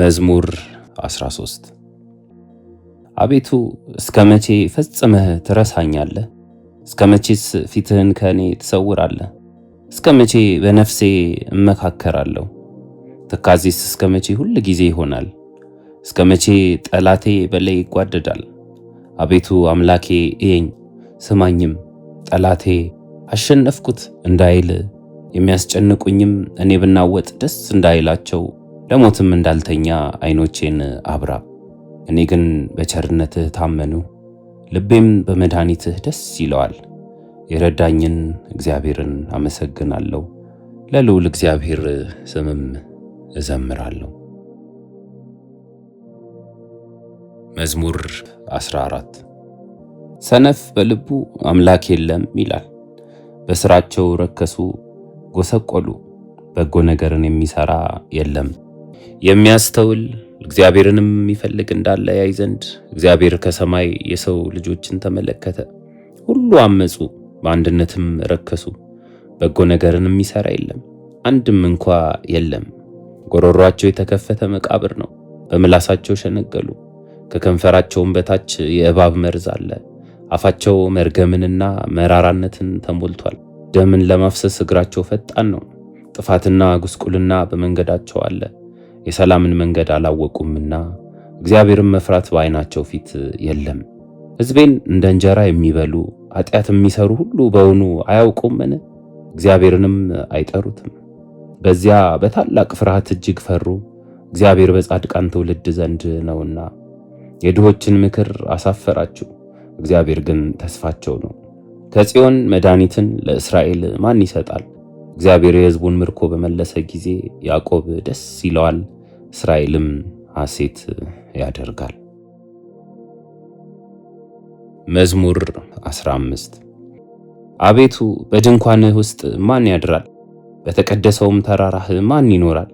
መዝሙር 13 አቤቱ እስከ መቼ ፈጽመህ ትረሳኛለህ? እስከ መቼስ ፊትህን ከእኔ ትሰውራለህ? እስከ መቼ በነፍሴ እመካከራለሁ? ትካዜስ እስከ መቼ ሁል ጊዜ ይሆናል? እስከ መቼ ጠላቴ በላይ ይጓደዳል? አቤቱ አምላኬ እየኝ ስማኝም፣ ጠላቴ አሸነፍኩት እንዳይል የሚያስጨንቁኝም እኔ ብናወጥ ደስ እንዳይላቸው ለሞትም እንዳልተኛ አይኖቼን አብራ። እኔ ግን በቸርነትህ ታመኑ፣ ልቤም በመድኃኒትህ ደስ ይለዋል። የረዳኝን እግዚአብሔርን አመሰግናለሁ፣ ለልዑል እግዚአብሔር ስምም እዘምራለሁ። መዝሙር 14 ሰነፍ በልቡ አምላክ የለም ይላል። በስራቸው ረከሱ፣ ጎሰቆሉ። በጎ ነገርን የሚሰራ የለም። የሚያስተውል እግዚአብሔርንም የሚፈልግ እንዳለ ያይ ዘንድ እግዚአብሔር ከሰማይ የሰው ልጆችን ተመለከተ። ሁሉ አመፁ፣ በአንድነትም ረከሱ። በጎ ነገርን የሚሰራ የለም፣ አንድም እንኳ የለም። ጎሮሯቸው የተከፈተ መቃብር ነው። በምላሳቸው ሸነገሉ፣ ከከንፈራቸውም በታች የእባብ መርዝ አለ። አፋቸው መርገምንና መራራነትን ተሞልቷል። ደምን ለማፍሰስ እግራቸው ፈጣን ነው። ጥፋትና ጉስቁልና በመንገዳቸው አለ። የሰላምን መንገድ አላወቁምና እግዚአብሔርን መፍራት በዓይናቸው ፊት የለም። ሕዝቤን እንደ እንጀራ የሚበሉ ኃጢአት የሚሰሩ ሁሉ በውኑ አያውቁምን? እግዚአብሔርንም አይጠሩትም። በዚያ በታላቅ ፍርሃት እጅግ ፈሩ፣ እግዚአብሔር በጻድቃን ትውልድ ዘንድ ነውና። የድሆችን ምክር አሳፈራችሁ፣ እግዚአብሔር ግን ተስፋቸው ነው። ከጽዮን መድኃኒትን ለእስራኤል ማን ይሰጣል? እግዚአብሔር የሕዝቡን ምርኮ በመለሰ ጊዜ ያዕቆብ ደስ ይለዋል። እስራኤልም ሐሴት ያደርጋል። መዝሙር 15 አቤቱ በድንኳንህ ውስጥ ማን ያድራል? በተቀደሰውም ተራራህ ማን ይኖራል?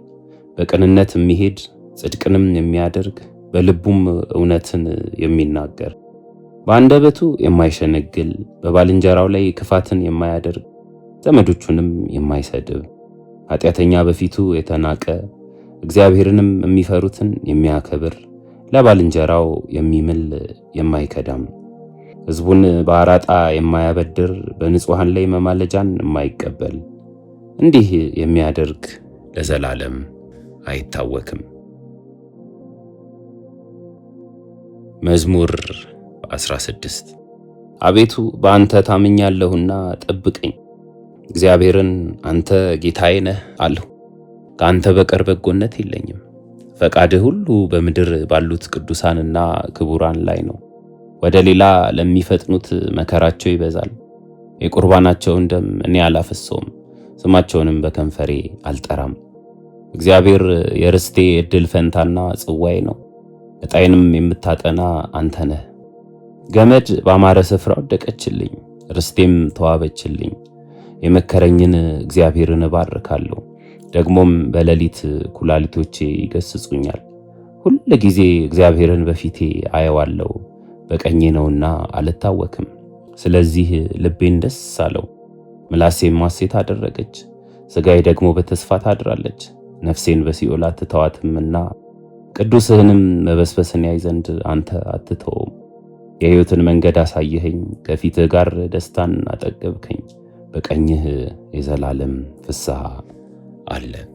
በቅንነት የሚሄድ ጽድቅንም የሚያደርግ በልቡም እውነትን የሚናገር በአንደበቱ የማይሸነግል በባልንጀራው ላይ ክፋትን የማያደርግ ዘመዶቹንም የማይሰድብ ኃጢአተኛ በፊቱ የተናቀ እግዚአብሔርንም የሚፈሩትን የሚያከብር ለባልንጀራው የሚምል የማይከዳም ሕዝቡን በአራጣ የማያበድር በንጹሐን ላይ መማለጃን የማይቀበል እንዲህ የሚያደርግ ለዘላለም አይታወክም። መዝሙር 16 አቤቱ በአንተ ታምኛለሁና ጠብቀኝ። እግዚአብሔርን አንተ ጌታዬ ነህ አልሁ። ከአንተ በቀር በጎነት የለኝም። ፈቃድህ ሁሉ በምድር ባሉት ቅዱሳንና ክቡራን ላይ ነው። ወደ ሌላ ለሚፈጥኑት መከራቸው ይበዛል። የቁርባናቸውን ደም እኔ አላፈሰውም፣ ስማቸውንም በከንፈሬ አልጠራም። እግዚአብሔር የርስቴ ዕድል ፈንታና ጽዋዬ ነው፣ ዕጣዬንም የምታጠና አንተ ነህ። ገመድ ባማረ ስፍራ ወደቀችልኝ፣ ርስቴም ተዋበችልኝ። የመከረኝን እግዚአብሔርን እባርካለሁ። ደግሞም በሌሊት ኩላሊቶቼ ይገስጹኛል። ሁል ጊዜ እግዚአብሔርን በፊቴ አየዋለሁ፣ በቀኜ ነውና አልታወክም። ስለዚህ ልቤን ደስ አለው፣ ምላሴም ማሴት አደረገች። ሥጋዬ ደግሞ በተስፋ ታድራለች። ነፍሴን በሲኦል አትተዋትምና ቅዱስህንም መበስበስን ያይ ዘንድ አንተ አትተውም። የሕይወትን መንገድ አሳየኸኝ፣ ከፊትህ ጋር ደስታን አጠገብከኝ። በቀኝህ የዘላለም ፍስሐ alle.